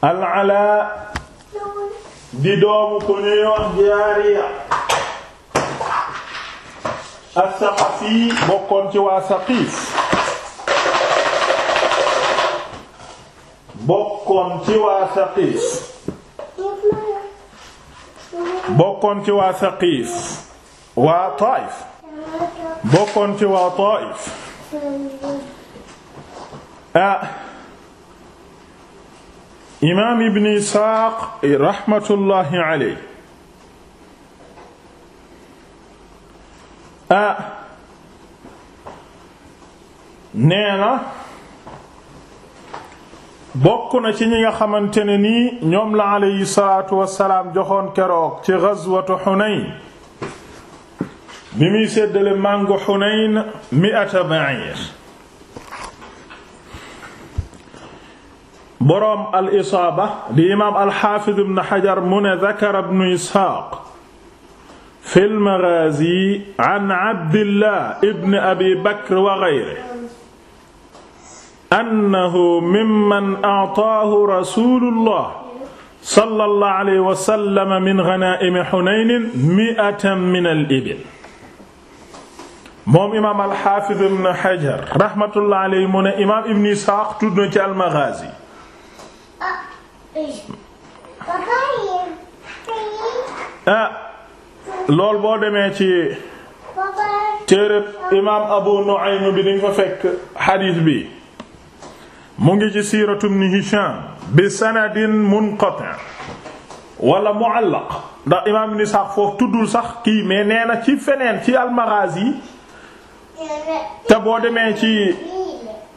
al-Alaa di doomu ko ñuy wax Jaariya as-Saqafi bokkoon ci waa Saqiif bokkoon ci waa Saqiif bokkoon ci waa Saqiif waa Taayif bokkoon ah imaam ibn Isxaaq raxmatullaahi aley a nee na bokk na ci ñi nga xamante nii ñoom la aleyhi salaatu wasalaam joxoon keroog ci gazwatu Xunayn bi muy séddale màngu Xunayn mi'ata ba'iir boroom al isaaba di imaam alxaafid ibn xajar mu ne dakara ibnu isxaaq fi lmagaazi an abdillah ibn abi bakr wa gayrihi annahu mimman a'taahu rasuulullah sallallahu alayhi wa sallam min ghanaa'imi Hunayn mi'atan min al-ibil moom imaam alxaafid ibn xajar raxmatullahi alayhi mu ne imaam ibn isxaaq tudd na ci al-magaazi Ah, lool boo demee ci téereb imaam Abu Nu'aym bi dinga fa fekk xadiis bi mu ngi ci siiratu ibn Hisham bi sanadin munqati' wala mu'allaq ndax imaam ibn Isaaq foofu tuddul sax kii mais nee na ci feneen ci al-Maghazi te boo demee ci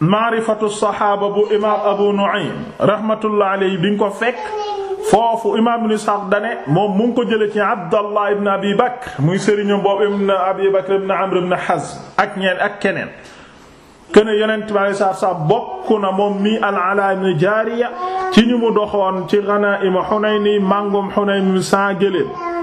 maarifatu saxaaba bu imaam Abu Nu'aym rahmatullah alayhi bi nga ko fekk foofu imaam Ibn Isxaaq dane moom mu ngi ko jëlee ci Abdallah ibn Abi Bakr muy sëriñam boobu ibn Abi Bakr ibn Amr ibn Hazm ak ñeen ak keneen. kene yonent bi alayhi salaatu moom mii al-Alaa Jaariya ci ñu mu doxoon ci ganaa'imu Hunayn màngum Hunayn saa gëléem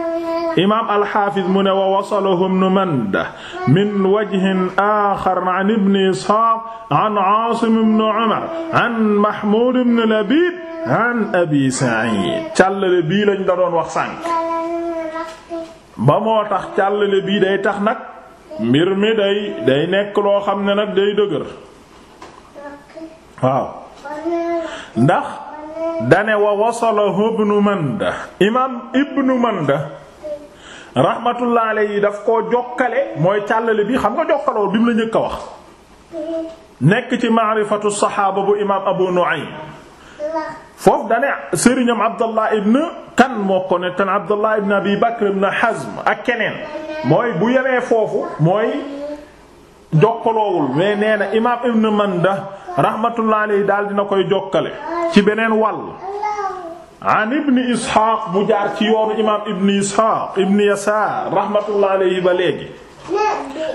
imaam alxaafiz mu ne wa wasalahu ibnu manda min wajhin axar an ibni isxaaq an aasim ibnu umar an mahmuud ibnu labiid an abi sa'iid càllale bii lañ da doon wax sànq ba moo tax càllale bii day tax nag mbir mi day day nekk loo xam ne nag day dëgër waaw ndax dane wa wasalahu ibnu manda imaam ibnu manda rahmatullah alayhi daf koo jokkale mooy càllale bi xam nga jokkalool bi mu la njëkk a wax nekk ci maarifatu saxaaba bu imaam Abu Nu'aym foofu dane sëriñam Abdallah ibn kan moo ko ne tan Abdallah ibn Abi Bakr ibn Hazm ak keneen mooy bu yemee foofu mooy jokkaloowul mais nee na imaam ibn Manda rahmatullah alayhi daal dina koy jokkale ci beneen wàll an ibni isxaaq mu jaar ci yoonu imaam ibni isxaaq ibni yasaar rahmatullah alayhi ba léegi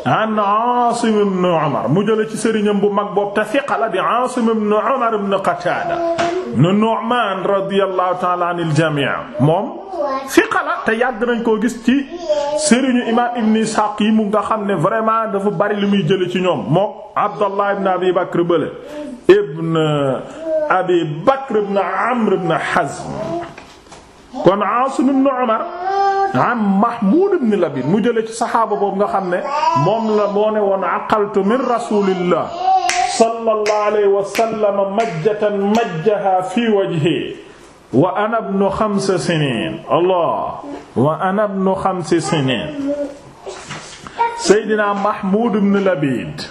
an aasim ibn umar mu jële ci sëriñam bu mag boobu te fiqa la di aasim ibn umar ibn qataada nu nu'maan radiyallahu ta'ala anil jamii moom fiqa la te yàgg nañ koo gis ci sëriñu imaam ibni isxaaq yi mu nga xam ne vraiment dafa bari li muy jële ci ñoom mook abdallah ibn abi bakr bële ibn abi bakr ibn amr ibn hazm kon asim ibn umar am mahmud ibn labid mu jële ci saxaaba boobu nga xam ne moom la moo ne woon aqaltu min rasulillah sallallahu alayhi wa sallam majjatan majjaha fi wajhi wa ana ibnu xams sinin allah wa ana ibnu xams sinin seydina mahmud ibn labid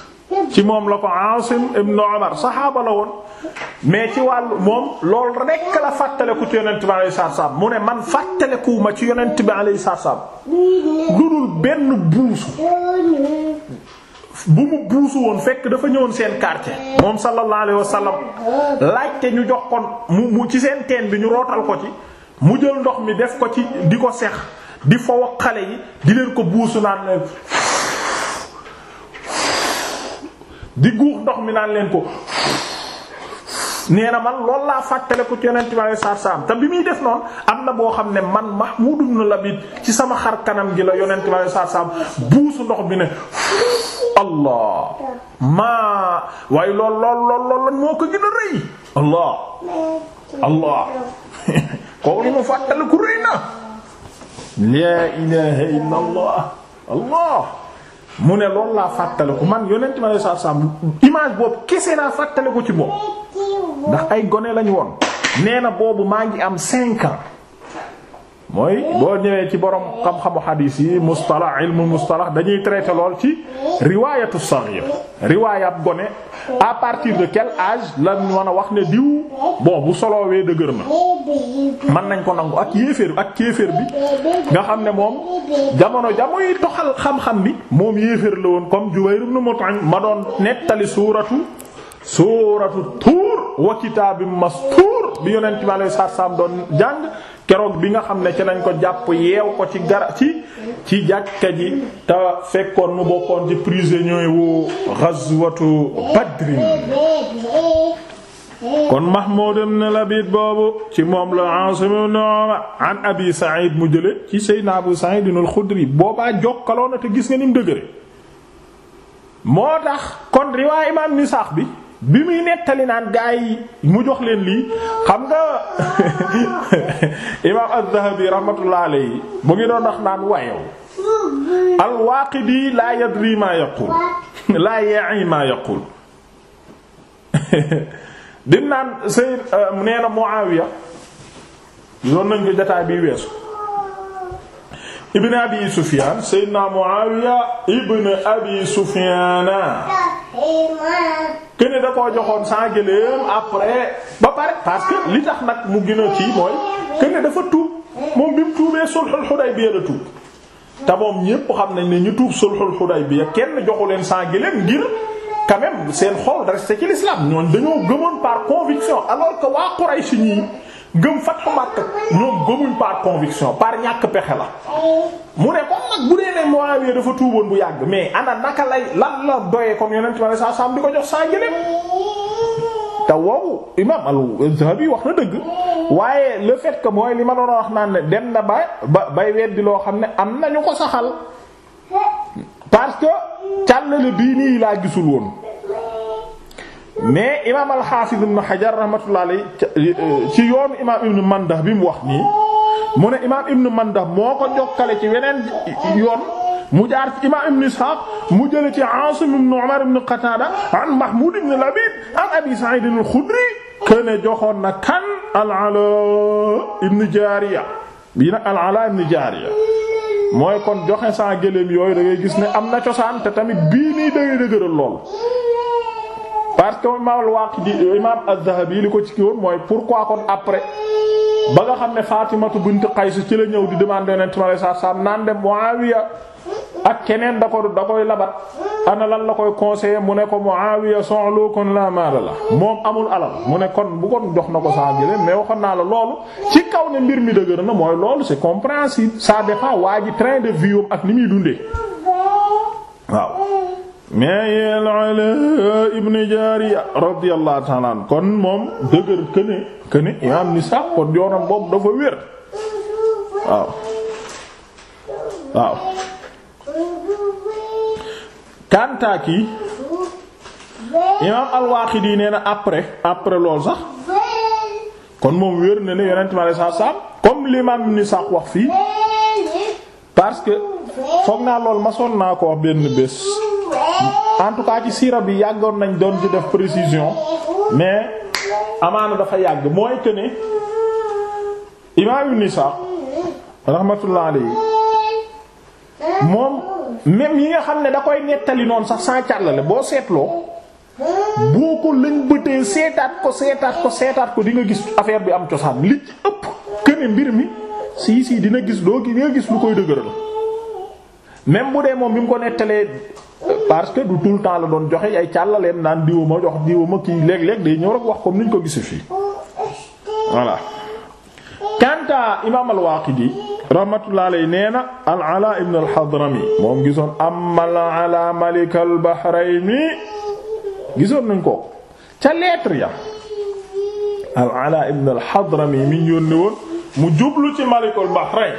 ci moom la ko Asim ibn Umar saxaaba la woon mais ci wàllu moom loolu rekk la fàttaleku ci yonent bi alayhi salaatu salaam mu ne man fàttalekuwuma ci yonent bi alayhi salaatu salaam lu dul benn buusu bu mu buusu woon fekk dafa ñëwoon seen quartier moom sallallahu alayhi wa sallam laajte ñu jox kon mu mu ci seen teen bi ñu rootal ko ci mu jël ndox mi def ko ci di ko sex di fo xale yi di leen ko buusu naan di guux ndox mi naan leen ko nee na man lool laa fàttale ko ci yonent bi alayhi te bi muy def noonu am na boo xam ne man Mahmoud ibn Labid ci sama xar kanam gi la yonent bi alayhi salaatu salaam buusu ndox mi ne allah maa waaye lool lool lool lool lan moo ko gën a rëy allah allah kooku lu mu fàttale ku rëy na laa ilaaha illallah allah mu ne loolu laa fàttaliku man yonent ma ne saa saab image boobu kese laa fàttaliku ci moom ndax ay gone lañu woon nee na boobu maa ngi am cinq mooy boo ñëwee ci borom xam-xamu hadis yi mustalah ilmu mustalah dañuy traiter lool ci riwaayatu saghir riwaayab gone à partir de quel âge la mën a wax ne diw bon bu solowee dëgër na mën nañ ko nangu ak yéeféer ak kéeféer bi nga xam ne moom jamono jamuy toxal xam-xam bi moom yéeféer la woon comme Jubayr ibn Mut'im ma doon nettali suuratu suuratu tuur wa kitaabim mastuur bi yonent mi alayhi salaam doon jàng keroog bi nga xam ne ci lañ ko jàpp yeew ko ci gara ci ci jàkka ji te fekkoon mu bokkoon ci prisonnier wu ghazwatu Badrin kon Mahmoud ibn Labid boobu ci moom la Asim ibn an Abi Sa'id mu jële ci Seydina Abu Sa'id al-Khudri boobaa na te gis nga ni mu dëgëre moo tax kon riwaay imaam Nisaax bi bi muy nettali naan gaa yi mu jox leen lii xam nga imaam az-Zahabi rahmatullah alayhi mu ngi doon wax naan wayew al-Waaqidi laa yadri maa yaqul laa ya'i maa yaqul di naan Seyd euh, nee na Muawiya yoon nañ ko jotaay bi weesu ibn abi Sufyaan Seydina Muawiya ibn abi Sufyaan kene da ko joxoon sans gëléem après ba pare parce li tax nag mu gën ci mooy kene dafa tuub moom bi mu tuubee sulhul Hudaybiya la tuub te moom ñépp xam nañ ne ñu tuub sulhul Hudaybiya kenn joxu leen sans gëléem ngir quand même seen xol resté ci l'islam ñooñ dañoo gëmoon par conviction alors que waa Quraysh ñii gëm fatxu Makka ñoom gëmuñ par conviction par ñàkk pexe la mu ne kon nag bu dee ne Muawiya dafa tuuboon bu yàgg mais ana naka lay lan la doyee comme yeneen ci ma sa sam di ko jox saa jëleem te woowu imam al-Zahabi wax na dëgg waaye le fet ko mooy li ma doon wax naan ne dem na ba ba bay weddi loo xam ne am nañu ko saxal parce que càllale bii nii laa gisul woon mais imaam alxaafis ibn Hajar rahmatullah alayhi euh, ci yoonu imaam ibn Mandah bi mu wax nii mu ne imaam ibn Mandah moo ko jokkale ci weneen yoon mu jaar ci imaam ibn Isxaaq mu jële ci Aasim ibn Umar ibn Qataada an Mahmuud ibn Labiid an Abi Sa'iid al-Xudri kene joxoon na kan al ibn Jaariya bii nag al-Alaa ibn Jaariya mooy kon joxe saa gëléem yooyu da gis ne am na cosaan te tamit bii nii dëgg lool parce que imaam al-Waaqidi imaam az-Zahabi li ko ci kii woon mooy pourquoi kon après ba nga xam ne Faatimatu bint Qays ci la ñëw di demander Yonent mi alayhi salaam naan dem Muawiya ak keneen da ko da koy labat ana lan la koy conseiller mu ne ko Muawiya soxloo kon laa a la moom amul alal mu ne kon bu kon jox na ko saa jëlee mais waxoon naa la loolu ci kaw ne mbir mi dëgër na mooy loolu c'est compréhensible ça dépend waa ji train de vie ak ni muy dundee waaw. maayel ala ibni jaariya radiyallahu ta'ala an kon moom dëgër këne këne imaam ni sax kon yoonam boobu dafa wér waaw waaw kantaaki imaam al-Waaqidi nee après après lool sax kon moom wér na ne yonent mi alayhi salaam comme l'imam ni sax wax fii parce que foog naa lool ma sonn naa ko wax benn bés en tout ci siira bi yàggoon nañ doon ci def précision mais amaana dafa yàgg mooy que ne imaam Ibn Ishaq rahmatullah alayhi moom même yi nga xam ne da koy nettali noon sax sans càllale boo seetloo boo ko lëñbëtee seetaat ko seetaat ko seetaat ko di nga gis affaire bi am cosaan li ci ëpp këne mbir mi sii sii dina gis doo gi nga gis lu koy dëgëral même bu dee moom bi mu ko nettalee parce que du tout le temps doon joxe ay càllaleem naan diwuma jox diwuma kii léeg-léeg day ñëw rek wax comme niñ ko gise fii voilà kanta imaam al-Waaqidi rahmatullahi alayhi nee na al-Alaa ibn al-Hadrami moom gisoon amma al-Alaa malik al-Bahrayni gisoon nañ ko ca lettre ya al-Alaa ibn al-Hadrami mi ñu yónni woon mu jublu ci malikul Bahrayn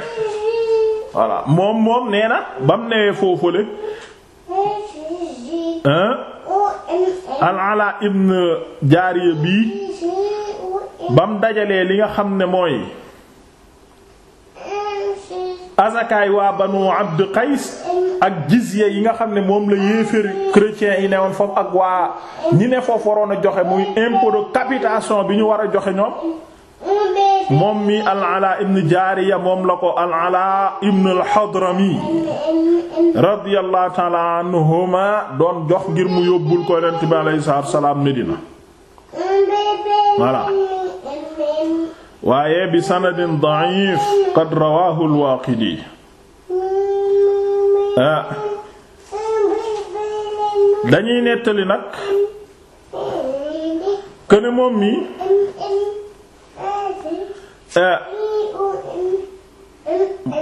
voilà moom moom nee na bam newee foofule al-Alaa ibn Jaariya bii bam dajalee li nga xam ne mooy azakaay waa ba banu Abd Qays ak jizya yi nga xam ne moom la yéeféer chrétiens yi ne woon foofu ak waa ñi ne foofu waroon a joxe muy impôt capitation bi ñu war a joxe ñoom moom mi al-Alaa ibn Jaariya moom la ko al-Alaa ibn al-Hadrami radiyallahu ta'ala anhuma doon jox ngir mu yóbbul ko Yonent bi alayhi salaatu salaam Medina waaye bi sanadin da'if qad rawaahu ah. dañuy nettali nag moom mi Euh,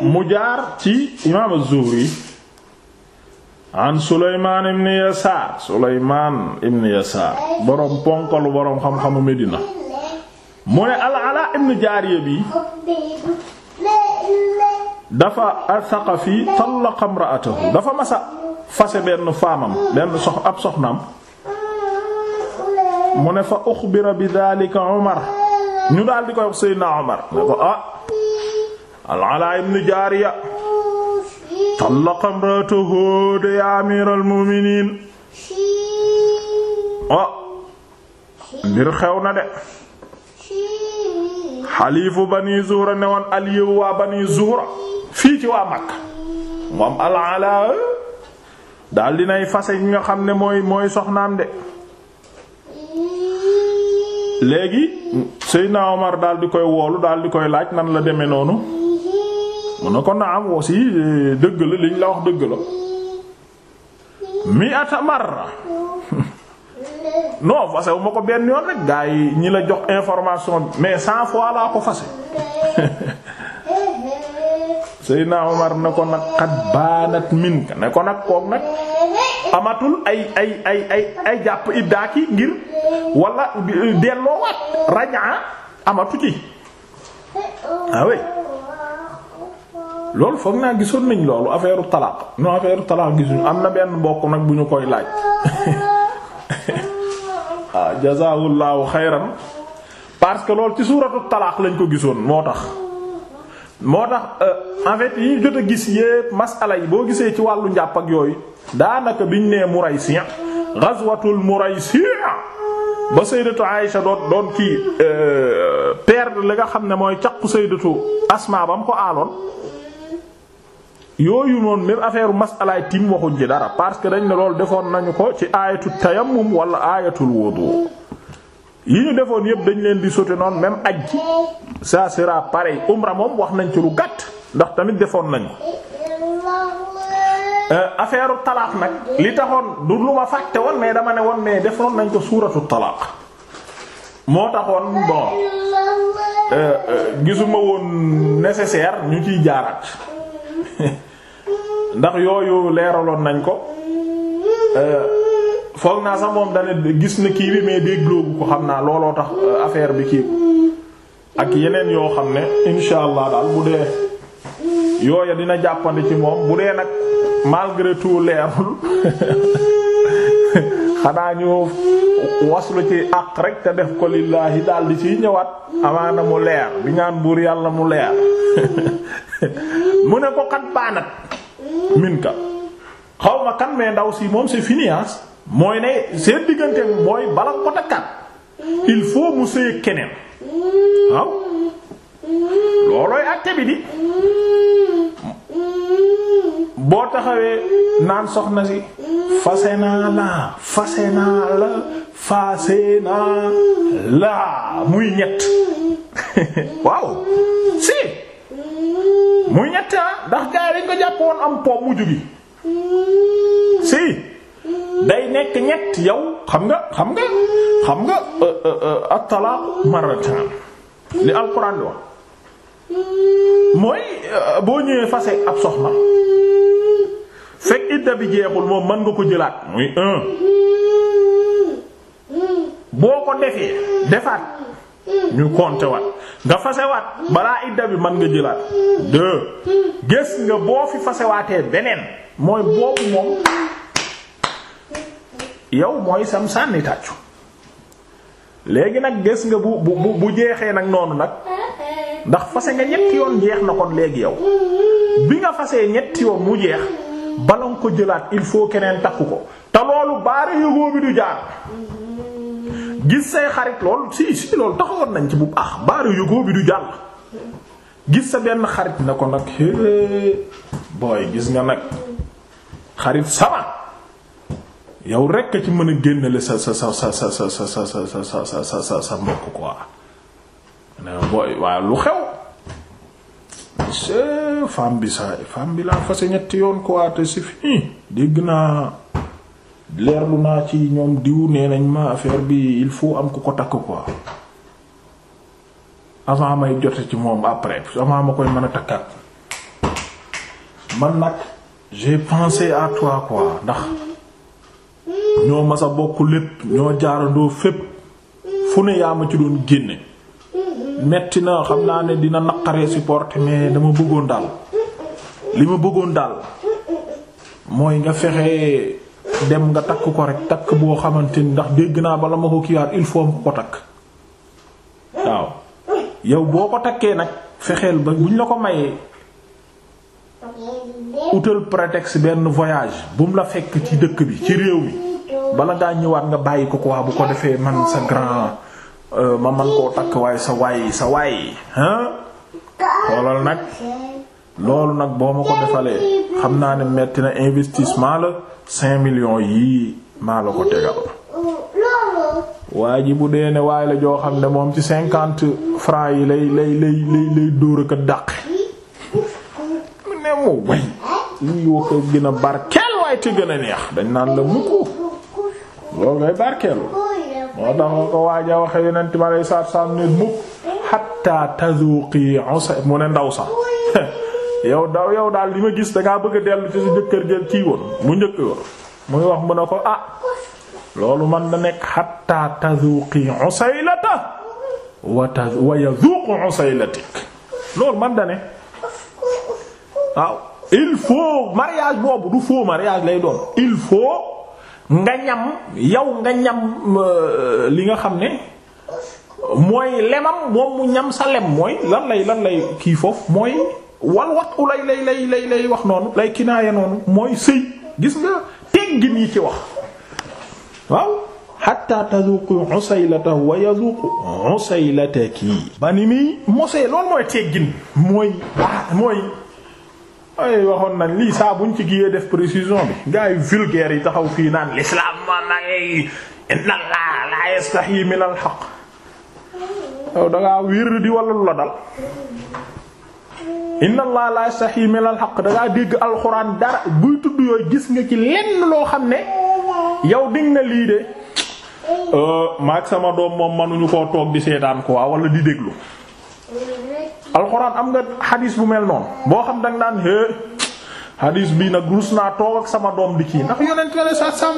mu jaar ci imaam az-Zuhri an Sulaymaan ibn Yasaar Sulaymaan ibn Yasaar boroom ponkalu boroom xam-xamu Medina mu ne al-Alaa ibn Jaariya bi dafa al-Thaqafi tallaqa imra'atahu dafa masa fase benn faamam benn sox ab soxnaam mu ne fa uxbira bi daalika Umar ñu daal di koy wax Seydina Omar ne ko ah al ibn Jaariya tallaqa imra'atahu ya amiiral mu'miniin ah mbir xew na de xaliifu Bani Zuhra ne woon aliyu waa Bani Zuhra fii ci waa Makka moom al-Alaa daal fase nga xam ne mooy mooy soxnaam de léegi sëy Seydina mar daal di koy woolu daal di koy laaj nan la demee noonu mu ne ko naam aussi dëgg la liñ la wax dëgg la mi ata marra non fase wu ma ko benn yoon rek gaa yi ñi la jox information mais cent fois laa ko fase Seydina Omar ne ko nag xat baanat minka ne ko nag koog nag amatul ay ay ay ay ay jàpp iddaaki ngir wala delloowaat rajaa amatu ci waaw ah loolu foog naa gisoon nañ loolu affaire talaaq non affaire talaaq gisuñu am na benn mbokk nag bu ñu koy laaj ah jazaahullahu xayran parce que loolu ci suuratu talaax lañ ko gisoon moo tax moo tax euh, en yi jot a gis yépp masala yi boo gisee ci wàllu njàpp ak yooyu daanaka biñ nee Muraysi ghazwatul Muraysi ba sayyidatu Aïsha doon doon kii euh, perdre li nga xam ne mooy caqu sayyidatu Asma ba ko aaloon yooyu noonu même affaire masalaay tim waxuñ ji dara parce que dañ ne loolu defoon nañu ko ci aayatu tayammum wala aayatul wudu yi ñu defoon yëpp dañ leen di sauter noonu même aj ça sera pareil umra moom wax nañ ci lu gàtt ndax tamit defoon nañu Euh, affaire talaq nag li taxoon du lu ma fàtte woon mais dama ne woon mais defoon nañ ko suuratu talaq moo taxoon bon euh, euh, gisuma woon nécessaire ñu ciy jaaraat ndax yooyu leeraloon nañ ko foog naa sax moom dane gis na kii bi mais dégloogu ko xam naa looloo tax affaire bi kii ak yeneen yoo xam ne insha allah daal bu dee yooya dina jàppandi ci moom bu dee nag malgré tout leerul xanaa ñu waslu ci àq rek te def ko lillaahi daal di ciy ñëwaat amaana mu leer di ñaan buur yàlla mu leer mu ne ko xat baanat min ka xaw ma kan mais ndaw si moom c'est fini mooy ne seen diggante mooy bala ko il faut mu sëy keneen waaw loolooy àtte bi di boo taxawee naan soxna si fase naa la fase naa la fase naa muy ñett waaw si muy ñett ah ndax gars yi dañ ko jàppoon am po mujj gi day nekk ñett yow xam nga xam nga xam nga euh, euh, euh, at-talaq marratan li alquran mooy euh, boo ñëwee fase ab soxna fekk idda bi jeexul moom mën nga ko jëlaat muy boo ko defee defaat ñu compter waat nga fasewaat balaa idda bi mën nga jëlaat deux gis nga boo fi fasewaatee beneen mooy boobu moom yow mooy sam sànni tàccu léegi nag gis nga bu bu bu jeexee nag noonu nag ndax fase nga ñetti yoon jeex na ko léegi yow bi nga fasee ñetti yoon mu jeex bala nga ko jëlaat il faut keneen takku ko te loolu baare yëgoo bi du jaar gis say xarit lool si si loolu taxawoon nañ ci bu baax baare yëgoo bi du jàll gis sa benn xarit na ko nag booy gis nga nag xarit sama yow rekk ci mën a génnale sa sa sa sa sa sa sa sa sa sa sa mbokk quoi na euh, booy waaye lu xew c'est bi saa femme bi laa fase ñetti yoon quoi te c'est fini dégg naa leerlu naa ci ñoom diw nee nañ ma affaire bi il faut am ku ko takk quoi avant may jote ci moom après avant ma koy mën a takkaat man nag j'ai pensé à toi quoi ndax ñoo mas a bokk lépp ñoo jaarandoo fépp fu ne yaa ma ci doon génne metti na xam naa ne dina naqaree supporter mais dama bëggoon daal li ma bëggoon daal mooy nga fexe dem nga takk ko rek takk boo xamante ni ndax dégg naa bala ma ko kiiwaat il faut ma ko takk waaw yow boo ko takkee nag fexeel ba buñ la ko mayee utal prétexte benn voyage bu la fekk ci dëkk bi ci réew mi bala ngaa ñëwaat nga bàyyi ko ko quoi bu ko defee man sa grand Euh, ma man koo takk waaye sa waay sa waay hein xoolal nag loolu nag boo ma ko defalee xam naa ne metti na investissement la cinq millions yii maa la ko tegal waa ji bu dee ne waaye la joo xam ne moom ci cinquante francs yi lay lay lay lay dóor ak dàq mu ne mu way lii wax gën a barkeel waaye te a neex dañ naan la mukk loolu ngay barkeelu moo tax nga ko waaj a waxee yeneen time alay saab mukk xatta tazuqi mu ne ndaw sax yow daw yow daal li ma gis dangaa bëgg a dellu ci sa jëkkër jël kii woon mu njëkk yoon muy wax mu ne ko ah loolu man da nekk xatta tazuqi usaylata wa taz wa yazuqu usaylatik loolu man da ne waaw il faut mariage boobu du faux mariage lay doon il faut nga ñam yow nga ñam euh, li nga xam ne mooy lemam moom mu ñam sa lem mooy lan lay lan lay kii foofu mooy wal wat u lay lay lay wax noonu lay kinaaya noonu mooy sëy gis nga teggin yi ci wax waaw hatta tazuqu usaylatahu wa yazuqu usaylataki ba ni muy mosee loolu mooy teggin mooy mooy ay waxoon nañ lii saa buñ ci giyee def précision bi gars yi vulgaire yi taxaw fii naan l'islam moom nangay inna allah la yastahi min dangaa wér di wala lu la dal inna allah la yastahi min dangaa dégg alxuraan dara buy tudd yooyu gis nga ci lenn loo xam ne yow dig na lii de euh, maag sama doom moom mënuñu koo toog di seetaan quoi wala di déglu alxuraan am nga xadiis bu mel noonu boo xam da nga naan hee xadiis bii nag ruus naa toog ak sama doom di kii ndax yonent na ne sa sam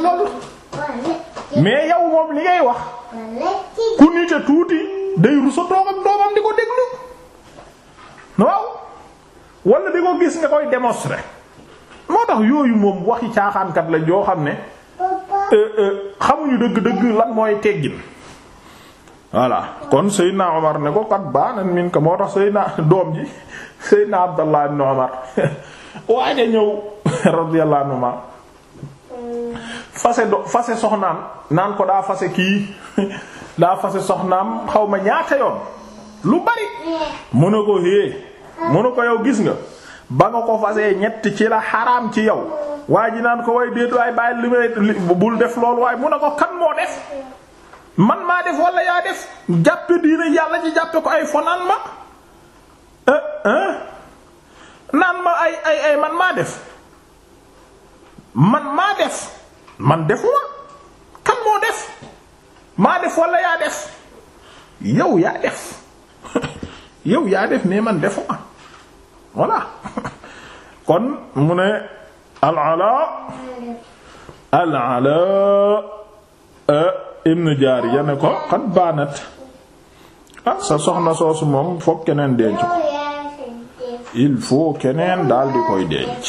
mais yow moom li ngay wax ku nite tuuti day rusa toog ak doomam di ko déglu waaw wala di ko gis nga koy démontrer moo tax yooyu moom waxi caaxaankat la joo xam ne euh, euh, xamuñu dëgg-dëgg lan mooy teggin voilà kon Seydina Omar ne ko kat baanan min ko moo tax Seydina doom ji Seydina Abdallah ibn Omar waaja ñëw radiyallahu anhuma fase do fase soxnaam naan ko daa fase kii daa fase soxnaam xaw ma ñaata yoon lu bari mu ne ko hée mu ne ko yow gis nga ba nga ko fasee ñett ci la xaraam ci yow waa ji naan ko way déet waay bàyyi li may bul def loolu waaye mu ne ko kan moo def man maa def wala yaa def jàppe diina yàlla ci jàppe ko ay fo naan ma eh, eh. naan ma ay ay ay man maa def man maa def man defuma kan moo def maa def wala yaa def yow yaa def yow yaa def mais man defuma voilà kon mu ne al ibnu Jaariya ne ko xat baanat ah, sa soxna soosu moom foog keneen denc ko il faut keneen daal di koy denc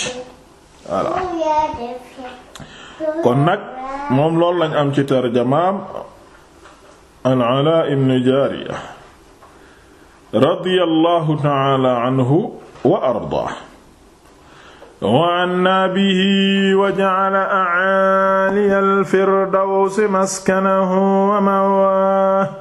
kon nag moom loolu lañ am ci tarjamaam al-Alaa ibnu Jaariya radiyallahu ta'ala anhu wa ardaa wa anna bihi wa ja'ala a'aliya al-firdawsi maskanahu wa ma'waahu